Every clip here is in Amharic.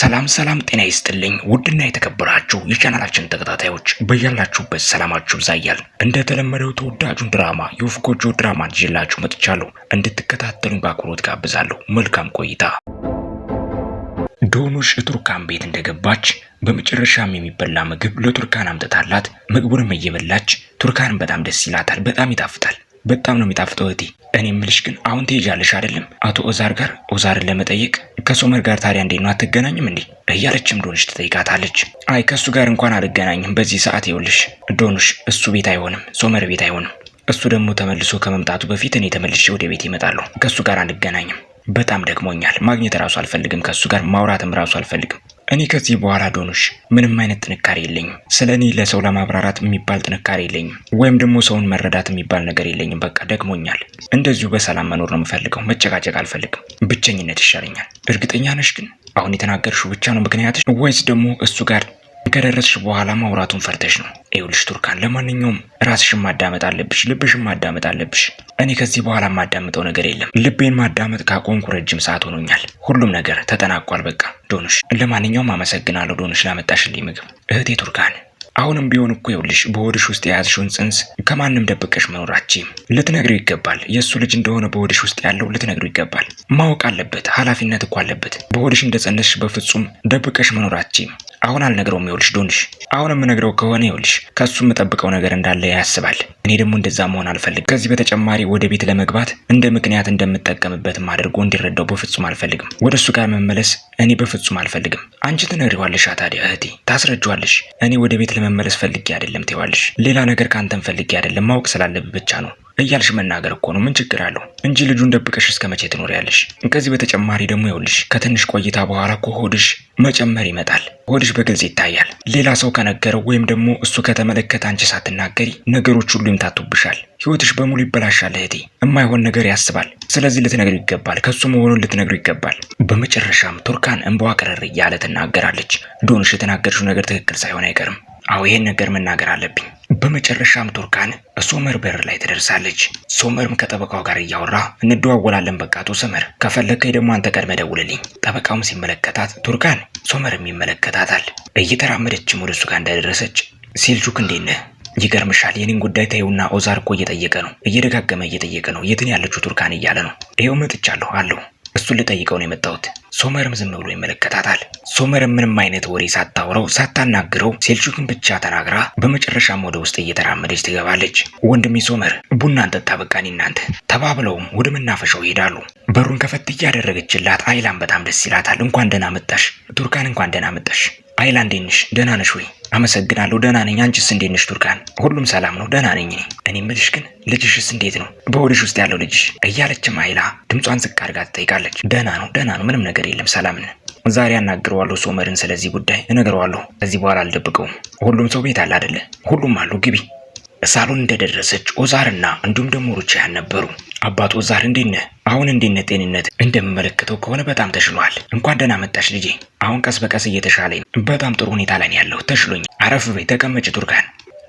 ሰላም ሰላም፣ ጤና ይስጥልኝ ውድና የተከበራችሁ የቻናላችን ተከታታዮች በያላችሁበት ሰላማችሁ ብዛያል እንደተለመደው ተወዳጁን ድራማ የወፍ ጎጆ ድራማ ይዤላችሁ መጥቻለሁ። እንድትከታተሉኝ በአክብሮት ጋብዛለሁ። መልካም ቆይታ። ዶኑሽ ቱርካን ቤት እንደገባች በመጨረሻም የሚበላ ምግብ ለቱርካን አምጥታላት ምግቡንም እየበላች ቱርካን በጣም ደስ ይላታል። በጣም ይጣፍጣል። በጣም ነው የሚጣፍጠው እህቴ። እኔ የምልሽ ግን አሁን ትሄጃለሽ አይደለም አቶ ኦዛር ጋር ኦዛርን ለመጠየቅ? ከሶመር ጋር ታዲያ እንዴት ነው አትገናኝም እንዴ? እያለችም ዶንሽ ትጠይቃታለች። አይ ከእሱ ጋር እንኳን አልገናኝም በዚህ ሰዓት። ይኸውልሽ ዶንሽ፣ እሱ ቤት አይሆንም፣ ሶመር ቤት አይሆንም። እሱ ደግሞ ተመልሶ ከመምጣቱ በፊት እኔ ተመልሼ ወደ ቤት ይመጣሉ። ከእሱ ጋር አልገናኝም። በጣም ደክሞኛል። ማግኘት ራሱ አልፈልግም። ከእሱ ጋር ማውራትም ራሱ አልፈልግም። እኔ ከዚህ በኋላ ዶኖሽ ምንም አይነት ጥንካሬ የለኝም። ስለ እኔ ለሰው ለማብራራት የሚባል ጥንካሬ የለኝም፣ ወይም ደግሞ ሰውን መረዳት የሚባል ነገር የለኝም። በቃ ደግሞኛል። እንደዚሁ በሰላም መኖር ነው የምፈልገው። መጨቃጨቅ አልፈልግም። ብቸኝነት ይሻለኛል። እርግጠኛ ነሽ ግን አሁን የተናገርሽው ብቻ ነው ምክንያትሽ፣ ወይስ ደግሞ እሱ ጋር ከደረስሽ በኋላ ማውራቱን ፈርተሽ ነው። ይኸውልሽ ቱርካን፣ ለማንኛውም ራስሽን ማዳመጥ አለብሽ፣ ልብሽን ማዳመጥ አለብሽ። እኔ ከዚህ በኋላ የማዳምጠው ነገር የለም። ልቤን ማዳመጥ ካቆንኩ ረጅም ሰዓት ሆኖኛል። ሁሉም ነገር ተጠናቋል። በቃ ዶኑሽ፣ ለማንኛውም አመሰግናለሁ ዶኑሽ ላመጣሽልኝ ምግብ። እህቴ ቱርካን፣ አሁንም ቢሆን እኮ ይኸውልሽ በሆድሽ ውስጥ የያዝሽውን ጽንስ ከማንም ደብቀሽ መኖር ልትነግሪው ይገባል። የእሱ ልጅ እንደሆነ በሆድሽ ውስጥ ያለው ልትነግሪው ይገባል። ማወቅ አለበት። ኃላፊነት እኮ አለበት። በሆድሽ እንደጸነስሽ በፍጹም ደብቀሽ መኖራችም። አሁን አልነግረውም። ይኸውልሽ ዶንሽ፣ አሁን የምነግረው ከሆነ ይኸውልሽ ከሱ የምጠብቀው ነገር እንዳለ ያስባል። እኔ ደግሞ እንደዛ መሆን አልፈልግም። ከዚህ በተጨማሪ ወደ ቤት ለመግባት እንደ ምክንያት እንደምጠቀምበትም አድርጎ እንዲረዳው በፍጹም አልፈልግም። ወደ እሱ ጋር መመለስ እኔ በፍጹም አልፈልግም። አንቺ ትነግሪዋለሽ፣ ታዲያ እህቴ ታስረጅዋለሽ። እኔ ወደ ቤት ለመመለስ ፈልጌ አይደለም ትይዋለሽ። ሌላ ነገር ከአንተም ፈልጌ አይደለም፣ ማወቅ ስላለብ ብቻ ነው እያልሽ መናገር እኮ ነው። ምን ችግር አለው እንጂ ልጁን ደብቀሽ እስከ መቼ ትኖሪያለሽ? ከዚህ በተጨማሪ ደግሞ ይኸውልሽ ከትንሽ ቆይታ በኋላ እኮ ሆድሽ መጨመር ይመጣል። ሆድሽ በግልጽ ይታያል። ሌላ ሰው ከነገረው ወይም ደግሞ እሱ ከተመለከተ አንቺ ሳትናገሪ ነገሮች ሁሉ ይምታቱብሻል። ህይወትሽ በሙሉ ይበላሻል። እህቴ የማይሆን ነገር ያስባል። ስለዚህ ልትነግሩ ይገባል። ከሱ መሆኑን ልትነግሩ ይገባል። በመጨረሻም ቱርካን እንባዋ ቀረር እያለ ትናገራለች። ዶንሽ የተናገርሽው ነገር ትክክል ሳይሆን አይቀርም አዎ ይህን ነገር መናገር አለብኝ። በመጨረሻም ቱርካን ሶመር በር ላይ ትደርሳለች። ሶመርም ከጠበቃው ጋር እያወራ እንደዋወላለን። በቃ አቶ ሰመር ከፈለግከኝ ደግሞ አንተ ቀድመህ ደውልልኝ። ጠበቃውም ሲመለከታት ቱርካን፣ ሶመርም ይመለከታታል። እየተራመደችም ወደ እሱ ጋር እንደደረሰች ሴልጁክ እንዴት ነህ? ይገርምሻል የኔን ጉዳይ ተይውና ኦዛር እኮ እየጠየቀ ነው፣ እየደጋገመ እየጠየቀ ነው። የትን ያለችው ቱርካን እያለ ነው። ይኸው መጥቻለሁ አለው። እሱን ልጠይቀው ነው የመጣሁት። ሶመርም ዝም ብሎ ይመለከታታል። ሶመርም ምንም አይነት ወሬ ሳታውረው ሳታናግረው ሴልቹክን ብቻ ተናግራ በመጨረሻም ወደ ውስጥ እየተራመደች ትገባለች። ወንድሜ ሶመር ቡና እንጠጣ በቃኒ እናንተ ተባብለውም ወደ መናፈሻው ይሄዳሉ። በሩን ከፈት እያደረገችላት አይላም በጣም ደስ ይላታል። እንኳን ደህና መጣሽ ቱርካን፣ እንኳን ደህና መጣሽ አይላ እንዴት ነሽ? ደህና ነሽ ወይ? አመሰግናለሁ ደህና ነኝ። አንቺስ እንዴት ነሽ ቱርካን? ሁሉም ሰላም ነው፣ ደህና ነኝ እኔ። እኔ ግን ልጅሽስ እንዴት ነው? በሆድሽ ውስጥ ያለው ልጅሽ? እያለችም አይላ ድምጿን ዝቅ አድርጋ ትጠይቃለች። ደህና ነው፣ ደህና ነው፣ ምንም ነገር የለም፣ ሰላም ነን። ዛሬ አናግረዋለሁ ሶመርን፣ ስለዚህ ጉዳይ እነግረዋለሁ። ከዚህ በኋላ አልደብቀውም። ሁሉም ሰው ቤት አለ አደለ? ሁሉም አሉ። ግቢ። ሳሎን እንደደረሰች ኦዛርና እንዲሁም ደግሞ ሩቻያን ነበሩ። አባቱ ዛር እንዴት ነህ? አሁን እንዴት ነህ? ጤንነት እንደምመለከተው ከሆነ በጣም ተሽሏል። እንኳን ደህና መጣሽ ልጄ። አሁን ቀስ በቀስ እየተሻለኝ ነው። በጣም ጥሩ ሁኔታ ላይ ያለው። ተሽሎኝ። አረፍ በይ ተቀመጭ ቱርካን።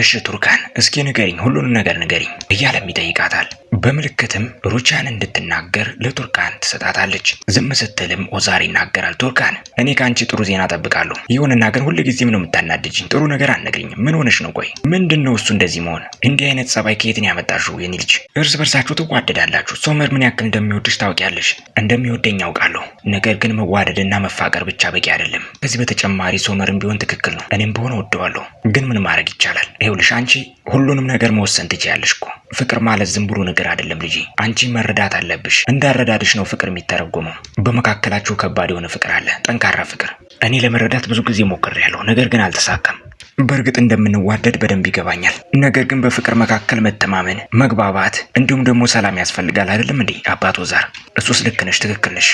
እሺ ቱርካን፣ እስኪ ንገሪኝ፣ ሁሉንም ነገር ንገሪኝ እያለም ይጠይቃታል። በምልክትም ሩቻን እንድትናገር ለቱርካን ትሰጣታለች። ዝም ስትልም ኦዛር ይናገራል። ቱርካን እኔ ከአንቺ ጥሩ ዜና ጠብቃለሁ። ይሁንና ግን ሁልጊዜም ነው የምታናድጅኝ። ጥሩ ነገር አነግርኝም ምን ሆነሽ ነው? ቆይ ምንድን ነው እሱ እንደዚህ መሆን? እንዲህ አይነት ጸባይ ከየት ነው ያመጣሽው? የኔ ልጅ እርስ በርሳችሁ ትዋደዳላችሁ። ሶመር ምን ያክል እንደሚወድሽ ታውቂያለሽ። እንደሚወደኝ ያውቃለሁ። ነገር ግን መዋደድና መፋቀር ብቻ በቂ አይደለም። ከዚህ በተጨማሪ ሶመርም ቢሆን ትክክል ነው። እኔም በሆነ ወደዋለሁ። ግን ምን ማድረግ ይቻላል? ይኸውልሽ አንቺ ሁሉንም ነገር መወሰን ትችያለሽ እኮ ፍቅር ማለት ዝም ብሎ ነገር አይደለም ልጄ፣ አንቺ መረዳት አለብሽ። እንዳረዳድሽ ነው ፍቅር የሚተረጎመው። በመካከላችሁ ከባድ የሆነ ፍቅር አለ፣ ጠንካራ ፍቅር። እኔ ለመረዳት ብዙ ጊዜ ሞክሬያለሁ፣ ነገር ግን አልተሳካም። በእርግጥ እንደምንዋደድ በደንብ ይገባኛል። ነገር ግን በፍቅር መካከል መተማመን፣ መግባባት እንዲሁም ደግሞ ሰላም ያስፈልጋል። አይደለም እንዴ አባቶ ዛር? እሱስ ልክ ነሽ፣ ትክክል ነሽ።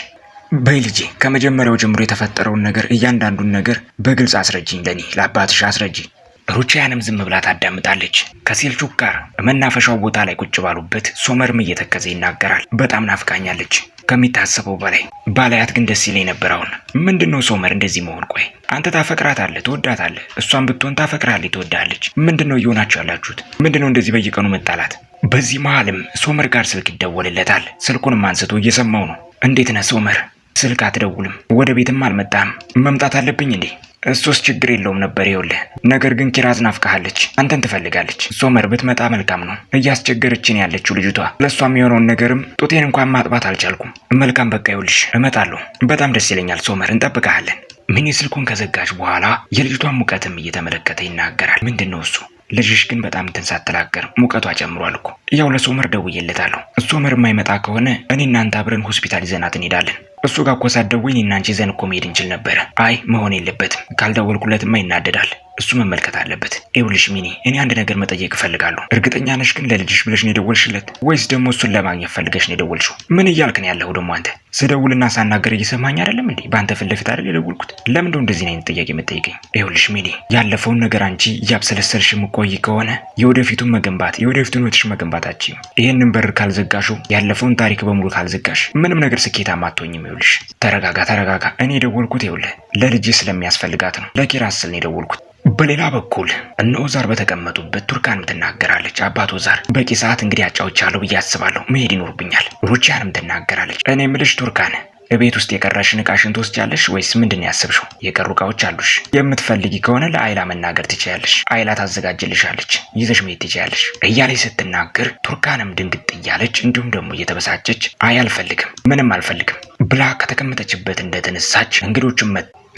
በይ ልጄ፣ ከመጀመሪያው ጀምሮ የተፈጠረውን ነገር እያንዳንዱን ነገር በግልጽ አስረጅኝ፣ ለእኔ ለአባትሽ አስረጅኝ። ሩቺያንም ዝም ብላ ታዳምጣለች። ከሴልቹክ ጋር መናፈሻው ቦታ ላይ ቁጭ ባሉበት ሶመርም እየተከዘ ይናገራል። በጣም ናፍቃኛለች ከሚታሰበው በላይ ባላያት ግን ደስ ይለኝ የነበረውን ምንድነው ሶመር እንደዚህ መሆን? ቆይ አንተ ታፈቅራታለህ፣ ትወዳታለህ፣ እሷን ብትሆን ታፈቅራለች፣ ትወዳለች። ምንድነው ነው እየሆናችሁ ያላችሁት? ምንድነው እንደዚህ በየቀኑ መጣላት? በዚህ መሀልም ሶመር ጋር ስልክ ይደወልለታል። ስልኩንም አንስቶ እየሰማው ነው። እንዴት ነህ ሶመር? ስልክ አትደውልም፣ ወደ ቤትም አልመጣም። መምጣት አለብኝ እንዴ? እሱስ ችግር የለውም ነበር ይውልህ። ነገር ግን ኪራዝ ናፍቃሃለች፣ አንተን ትፈልጋለች። ሶመር ብትመጣ መልካም ነው። እያስቸገረችን ያለችው ልጅቷ። ለእሷ የሚሆነውን ነገርም ጡቴን እንኳን ማጥባት አልቻልኩም። መልካም በቃ ይውልሽ፣ እመጣለሁ። በጣም ደስ ይለኛል ሶመር፣ እንጠብቀሃለን። ሚኒ ስልኩን ከዘጋች በኋላ የልጅቷን ሙቀትም እየተመለከተ ይናገራል። ምንድን ነው እሱ ልጅሽ ግን በጣም እንትን ሳትላገር ሙቀቷ ጨምሯል እኮ ያው ለሶመር ደውዬለታለሁ። ሶመር የማይመጣ ከሆነ እኔ እናንተ አብረን ሆስፒታል ይዘናት እንሄዳለን። እሱ ጋር እኮ ሳትደውይ እኔ እና ይዘን እኮ መሄድ እንችል ነበረ። አይ መሆን የለበትም ካልደወልኩለትማ ይናደዳል። እሱ መመልከት አለበት። ይኸውልሽ ሚኒ፣ እኔ አንድ ነገር መጠየቅ እፈልጋለሁ። እርግጠኛ ነሽ ግን ለልጅሽ ብለሽ ነው የደወልሽለት ወይስ ደግሞ እሱን ለማግኘት ፈልገሽ ነው የደወልሽው? ምን እያልክ ነው ያለኸው ደግሞ አንተ? ስደውልና ሳናገር እየሰማኝ አይደለም እንዴ? በአንተ ፊት ለፊት አይደል የደወልኩት? ለምንድነው እንደዚህ አይነት ጥያቄ የምጠይቀኝ? ይኸውልሽ ሚኒ፣ ያለፈውን ነገር አንቺ እያብሰለሰልሽ የምቆይ ከሆነ የወደፊቱን መገንባት የወደፊቱን ህይወትሽ መገንባት አትችይም። ይህንን በር ካልዘጋሹ ያለፈውን ታሪክ በሙሉ ካልዘጋሽ ምንም ነገር ስኬታማ አትሆኝም። ይኸውልሽ፣ ተረጋጋ፣ ተረጋጋ። እኔ የደወልኩት ይኸውልህ ለልጅ ስለሚያስፈልጋት ነው። ለኪራስ ስል ነው የደወልኩት። በሌላ በኩል እነ ኦዛር በተቀመጡበት ቱርካንም ትናገራለች። አባት ኦዛር በቂ ሰዓት እንግዲህ አጫውቻለሁ ብዬ አስባለሁ፣ መሄድ ይኖርብኛል። ሩቺያንም ትናገራለች። እኔ ምልሽ ቱርካን ቤት ውስጥ የቀረሽን እቃሽን ትወስጃለሽ ወይስ ምንድን ያስብሽው? የቀሩ እቃዎች አሉሽ? የምትፈልጊ ከሆነ ለአይላ መናገር ትችያለሽ። አይላ ታዘጋጅልሻለች፣ ይዘሽ መሄድ ትችያለሽ እያለች ስትናገር ቱርካንም ድንግጥ እያለች እንዲሁም ደግሞ እየተበሳጨች አይ አልፈልግም፣ ምንም አልፈልግም ብላ ከተቀመጠችበት እንደተነሳች እንግዶቹም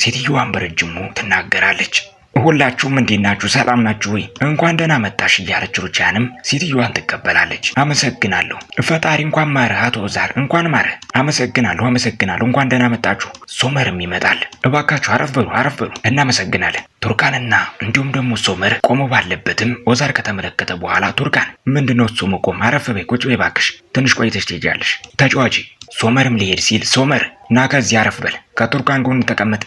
ሴትዮዋን በረጅሙ ትናገራለች። ሁላችሁም እንዴት ናችሁ? ሰላም ናችሁ ወይ? እንኳን ደህና መጣሽ እያለች ሩቻንም ሴትዮዋን ትቀበላለች። አመሰግናለሁ ፈጣሪ እንኳን ማረ። አቶ ዛር እንኳን ማረ። አመሰግናለሁ፣ አመሰግናለሁ። እንኳን ደህና መጣችሁ። ሶመርም ይመጣል። እባካችሁ አረፍ በሉ፣ አረፍ በሉ። እናመሰግናለን። ቱርካንና እንዲሁም ደግሞ ሶመር ቆሞ ባለበትም ኦዛር ከተመለከተ በኋላ ቱርካን ምንድነው እሱ መቆም? አረፍ በይ፣ ቁጭ በይ እባክሽ፣ ትንሽ ቆይተሽ ትሄጃለሽ። ተጫዋች ሶመርም ሊሄድ ሲል ሶመር ና ከዚህ አረፍ በል፣ ከቱርካን ጎን ተቀመጥ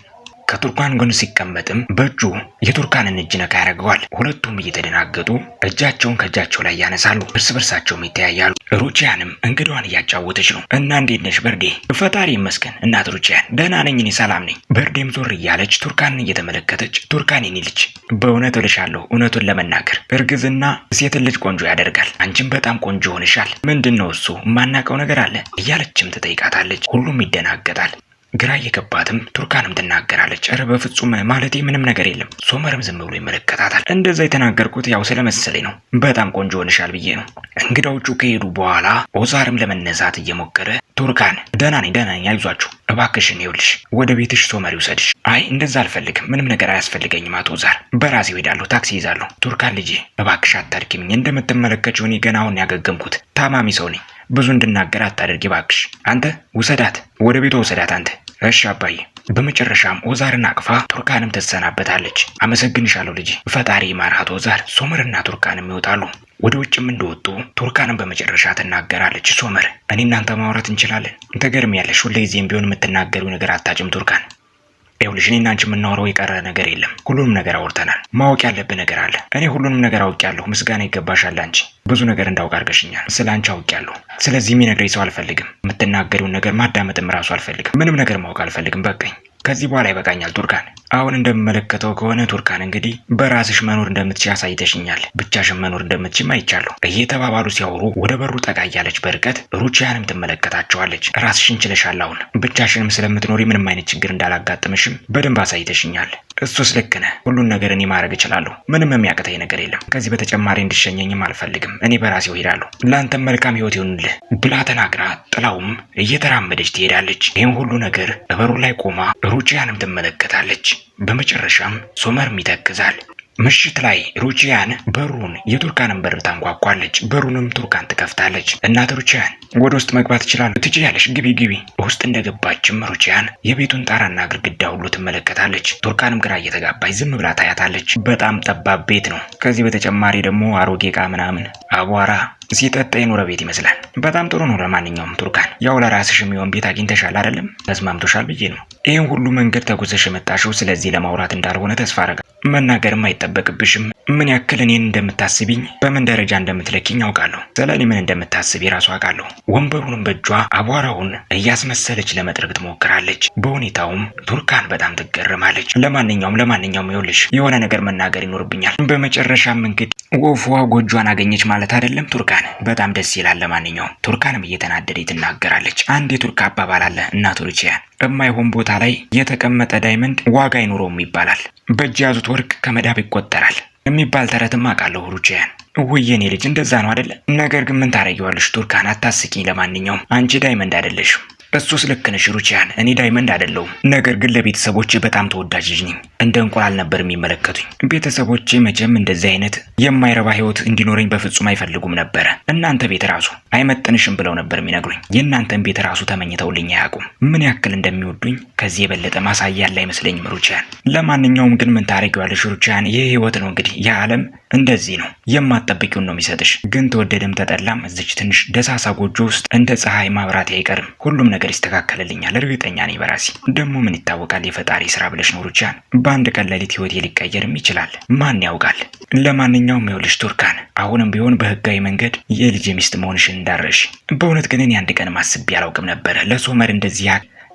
ከቱርካን ጎን ሲቀመጥም በእጁ የቱርካንን እጅ ነካ ያደርገዋል። ሁለቱም እየተደናገጡ እጃቸውን ከእጃቸው ላይ ያነሳሉ፣ እርስ በርሳቸውም ይተያያሉ። ሩቺያንም እንግዳዋን እያጫወተች ነው። እና እንዴት ነሽ በርዴ? ፈጣሪ ይመስገን እናት ሩቺያን፣ ደህና ነኝ እኔ ሰላም ነኝ። በርዴም ዞር እያለች ቱርካንን እየተመለከተች ቱርካን የኔ ልጅ፣ በእውነት እልሻለሁ እውነቱን ለመናገር እርግዝና ሴትን ልጅ ቆንጆ ያደርጋል። አንቺም በጣም ቆንጆ ሆንሻል። ምንድን ነው እሱ ማናቀው ነገር አለ እያለችም ትጠይቃታለች። ሁሉም ይደናገጣል። ግራ እየገባትም ቱርካንም ትናገራለች። ኧረ በፍጹም ማለቴ ምንም ነገር የለም። ሶመርም ዝም ብሎ ይመለከታታል። እንደዛ የተናገርኩት ያው ስለመሰለኝ ነው፣ በጣም ቆንጆ ሆንሻል ብዬ ነው። እንግዳዎቹ ከሄዱ በኋላ ኦዛርም ለመነሳት እየሞከረ ቱርካን ደህና ነኝ፣ ደህና ነኝ፣ አይዟችሁ። እባክሽን ይኸውልሽ ወደ ቤትሽ ሶመር ይውሰድሽ። አይ እንደዛ አልፈልግም፣ ምንም ነገር አያስፈልገኝም አቶ ዛር፣ በራሴ እሄዳለሁ፣ ታክሲ ይዛለሁ። ቱርካን ልጄ እባክሽ አታድክምኝ። እንደምትመለከችው እኔ ገና አሁን ያገገምኩት ታማሚ ሰው ነኝ። ብዙ እንድናገር አታደርጊ እባክሽ። አንተ ውሰዳት፣ ወደ ቤቷ ውሰዳት አንተ። እሺ አባዬ። በመጨረሻም ኦዛርን አቅፋ ቱርካንም ትሰናበታለች። አመሰግንሻለሁ ልጅ ፈጣሪ ማርሃት። ኦዛር። ሶመርና ቱርካንም ይወጣሉ። ወደ ውጭም እንደወጡ ቱርካንም በመጨረሻ ትናገራለች። ሶመር እኔ እናንተ ማውራት እንችላለን። ተገርሚያለሽ። ሁልጊዜም ቢሆን የምትናገሪው ነገር አታጭም ቱርካን። ይኸውልሽ እኔ እና አንቺ የምናወራው የቀረ ነገር የለም። ሁሉንም ነገር አውርተናል። ማወቅ ያለብህ ነገር አለ። እኔ ሁሉንም ነገር አውቄያለሁ። ምስጋና ይገባሻል። አንቺ ብዙ ነገር እንዳውቅ አድርገሽኛል። ስለ አንቺ አውቄያለሁ። ስለዚህ የሚነግረኝ ሰው አልፈልግም። የምትናገሪውን ነገር ማዳመጥም ራሱ አልፈልግም። ምንም ነገር ማወቅ አልፈልግም። በቀኝ ከዚህ በኋላ ይበቃኛል ቱርካን አሁን እንደምመለከተው ከሆነ ቱርካን እንግዲህ በራስሽ መኖር እንደምትች አሳይተሽኛል፣ ብቻሽን መኖር እንደምትችም አይቻለሁ እየተባባሉ ሲያወሩ ወደ በሩ ጠጋ እያለች በርቀት ሩቺያንም ትመለከታቸዋለች። ራስሽን ችለሻል፣ አሁን ብቻሽንም ስለምትኖሪ ምንም አይነት ችግር እንዳላጋጥምሽም በደንብ አሳይተሽኛል። እሱስ ልክ ነህ። ሁሉን ነገር እኔ ማድረግ እችላለሁ። ምንም የሚያቅተኝ ነገር የለም። ከዚህ በተጨማሪ እንድሸኘኝም አልፈልግም። እኔ በራሴው ሄዳለሁ። ለአንተም መልካም ህይወት ይሁንልህ ብላ ተናግራ ጥላውም እየተራመደች ትሄዳለች። ይህም ሁሉ ነገር በበሩ ላይ ቆማ ሩቺያንም ትመለከታለች። በመጨረሻም ሶመርም ይተክዛል። ምሽት ላይ ሩችያን በሩን የቱርካንን በር ታንኳኳለች። በሩንም ቱርካን ትከፍታለች። እናት ሩችያን። ወደ ውስጥ መግባት እችላለሁ። ትችያለሽ፣ ግቢ ግቢ። ውስጥ እንደገባችም ሩቺያን የቤቱን ጣራና ግድግዳ ሁሉ ትመለከታለች። ቱርካንም ግራ እየተጋባች ዝም ብላ ታያታለች። በጣም ጠባብ ቤት ነው። ከዚህ በተጨማሪ ደግሞ አሮጌ ዕቃ ምናምን አቧራ ሲጠጣ የኖረ ቤት ይመስላል። በጣም ጥሩ ነው። ለማንኛውም ቱርካን፣ ያው ለራስሽ የሚሆን ቤት አግኝተሻል አይደለም? ተስማምቶሻል ብዬ ነው ይህን ሁሉ መንገድ ተጉዘሽ የመጣሽው። ስለዚህ ለማውራት እንዳልሆነ ተስፋ አረጋ መናገርም አይጠበቅብሽም። ምን ያክል እኔን እንደምታስቢኝ በምን ደረጃ እንደምትለኪኝ አውቃለሁ። ስለ እኔ ምን እንደምታስቢ ራሱ አውቃለሁ። ወንበሩንም በእጇ አቧራውን እያስመሰለች ለመጥረግ ትሞክራለች። በሁኔታውም ቱርካን በጣም ትገርማለች ለማንኛውም ለማንኛውም ይኸውልሽ የሆነ ነገር መናገር ይኖርብኛል። በመጨረሻም እንግዲህ ወፏ ጎጇን አገኘች ማለት አይደለም ቱርካን በጣም ደስ ይላል። ለማንኛውም ቱርካንም እየተናደደ ትናገራለች። አንድ የቱርክ አባባል አለ እና ቱርኪያን ቦታ ላይ የተቀመጠ ዳይመንድ ዋጋ አይኖረውም ይባላል። በእጅ ያዙት ወርቅ ከመዳብ ይቆጠራል። የሚባል ተረትም አውቃለሁ ሩችያን። ውይ የኔ ልጅ እንደዛ ነው አይደለ? ነገር ግን ምን ታደርጊዋለሽ ቱርካን፣ አታስቂኝ። ለማንኛውም አንቺ ዳይመንድ አይደለሽም። በሶስ ልክ ነሽ ሩቺያን፣ እኔ ዳይመንድ አይደለሁም። ነገር ግን ለቤተሰቦቼ በጣም ተወዳጅ ልጅ ነኝ። እንደ እንቁላል ነበር የሚመለከቱኝ። ቤተሰቦቼ መቼም እንደዚህ አይነት የማይረባ ህይወት እንዲኖረኝ በፍጹም አይፈልጉም ነበረ። እናንተ ቤት ራሱ አይመጥንሽም ብለው ነበር የሚነግሩኝ። የእናንተን ቤት ራሱ ተመኝተውልኝ አያውቁም። ምን ያክል እንደሚወዱኝ ከዚህ የበለጠ ማሳያ ያለ አይመስለኝም ሩቺያን። ለማንኛውም ግን ምን ታደርጊዋለሽ ሩቺያን፣ ይህ ህይወት ነው እንግዲህ የዓለም እንደዚህ ነው የማትጠብቂውን ነው የሚሰጥሽ። ግን ተወደደም ተጠላም እዚች ትንሽ ደሳሳ ጎጆ ውስጥ እንደ ፀሐይ ማብራት አይቀርም። ሁሉም ነገር ይስተካከልልኛል፣ እርግጠኛ ነኝ በራሴ። ደግሞ ምን ይታወቃል፣ የፈጣሪ ስራ ብለሽ ነው ሩቺያን። በአንድ ቀን ሌሊት ህይወቴ ሊቀየርም ይችላል፣ ማን ያውቃል። ለማንኛውም ይኸውልሽ ቱርካን፣ አሁንም ቢሆን በህጋዊ መንገድ የልጅ ሚስት መሆንሽን እንዳረሽ። በእውነት ግን እኔ አንድ ቀን ማስቤ አላውቅም ነበረ ለሶመር እንደዚህ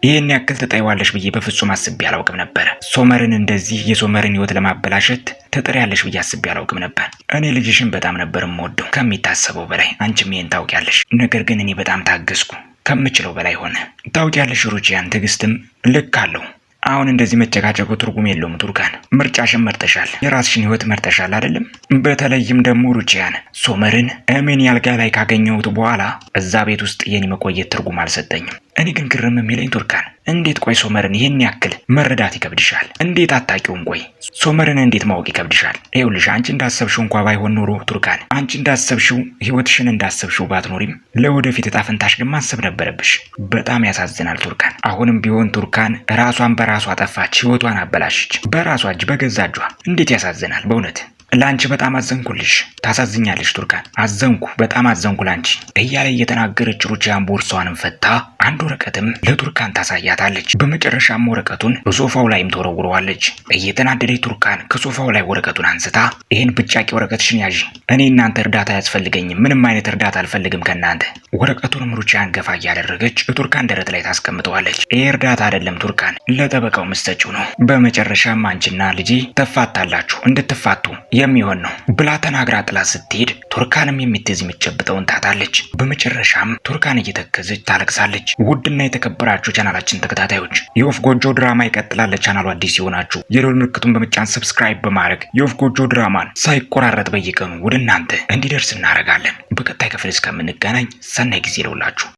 ይህን ያክል ትጠይዋለሽ ብዬ በፍጹም አስቤ አላውቅም ነበር። ሶመርን እንደዚህ የሶመርን ህይወት ለማበላሸት ትጥሪያለሽ ብዬ አስቤ አላውቅም ነበር። እኔ ልጅሽን በጣም ነበር የምወደው ከሚታሰበው በላይ። አንቺም ይህን ታውቂያለሽ። ነገር ግን እኔ በጣም ታገዝኩ፣ ከምችለው በላይ ሆነ። ታውቂያለሽ ሩቺያን፣ ትዕግስትም ልክ አለው። አሁን እንደዚህ መጨቃጨቁ ትርጉም የለውም። ቱርካን ምርጫሽን መርጠሻል፣ የራስሽን ህይወት መርጠሻል አይደለም። በተለይም ደግሞ ሩቺያን ሶመርን እሜን ያልጋ ላይ ካገኘሁት በኋላ እዛ ቤት ውስጥ የኔ መቆየት ትርጉም አልሰጠኝም። እኔ ግን ግርም የሚለኝ ቱርካን እንዴት ቆይ ሶመርን ይህን ያክል መረዳት ይከብድሻል? እንዴት አታውቂውም? ቆይ ሶመርን እንዴት ማወቅ ይከብድሻል? ይኸውልሽ አንቺ እንዳሰብሽው እንኳ ባይሆን ኖሮ ቱርካን፣ አንቺ እንዳሰብሽው ህይወትሽን እንዳሰብሽው ባትኖሪም ለወደፊት እጣ ፈንታሽ ግን ማሰብ ነበረብሽ። በጣም ያሳዝናል ቱርካን። አሁንም ቢሆን ቱርካን ራሷን በራሷ ጠፋች፣ ህይወቷን አበላሸች በራሷ እጅ በገዛ እጇ። እንዴት ያሳዝናል በእውነት ለአንቺ በጣም አዘንኩልሽ። ታሳዝኛለሽ ቱርካን፣ አዘንኩ፣ በጣም አዘንኩ ለአንቺ እያለ እየተናገረች ሩቺያን ቦርሷንም ፈታ አንድ ወረቀትም ለቱርካን ታሳያታለች። በመጨረሻም ወረቀቱን በሶፋው ላይም ተወረውረዋለች። እየተናደደች ቱርካን ከሶፋው ላይ ወረቀቱን አንስታ ይህን ብጫቂ ወረቀትሽን ያዥ፣ እኔ እናንተ እርዳታ አያስፈልገኝም፣ ምንም አይነት እርዳታ አልፈልግም ከእናንተ። ወረቀቱንም ሩቺያን ገፋ እያደረገች ቱርካን ደረት ላይ ታስቀምጠዋለች። ይህ እርዳታ አይደለም ቱርካን፣ ለጠበቃው ምሰጪው ነው። በመጨረሻም አንቺና ልጄ ተፋታላችሁ፣ እንድትፋቱ የሚሆን ነው ብላ ተናግራ ጥላት ስትሄድ ቱርካንም የምትይዝ የምትጨብጠውን ታታለች። በመጨረሻም ቱርካን እየተከዘች ታለቅሳለች። ውድና የተከበራችሁ ቻናላችን ተከታታዮች የወፍ ጎጆ ድራማ ይቀጥላል። ለቻናሉ አዲስ የሆናችሁ የደወል ምልክቱን በመጫን ሰብስክራይብ በማድረግ የወፍ ጎጆ ድራማን ሳይቆራረጥ በየቀኑ ወደ እናንተ እንዲደርስ እናደርጋለን። በቀጣይ ክፍል እስከምንገናኝ ሰናይ ጊዜ ይለውላችሁ።